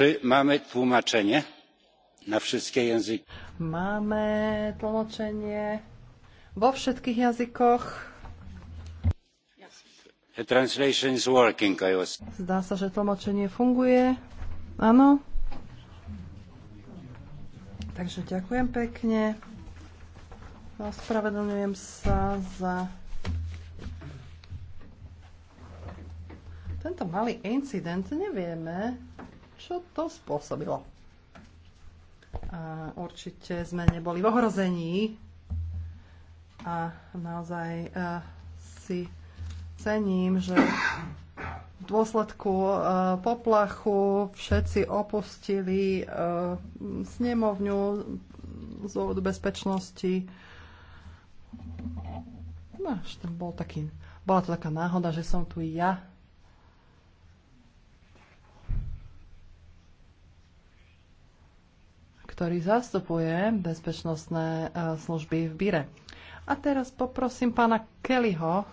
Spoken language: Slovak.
Czy mamy tłumaczenie na wszystkie języki? Mamy tłumaczenie we wszystkich językach. The translation is working, I was... Zdá sa, že tłumaczenie funguje. Áno. Takže ďakujem pekne. Ospravedlňujem no, sa za tento malý incident. Nevieme, čo to spôsobilo. A určite sme neboli v ohrození a naozaj a eh, si cením, že v dôsledku a, eh, poplachu všetci opustili a, eh, snemovňu z dôvodu bezpečnosti. No, bol taký, bola to taká náhoda, že som tu ja ktorý zastupuje bezpečnostné e, služby v Bire. A teraz poprosím pána Kellyho,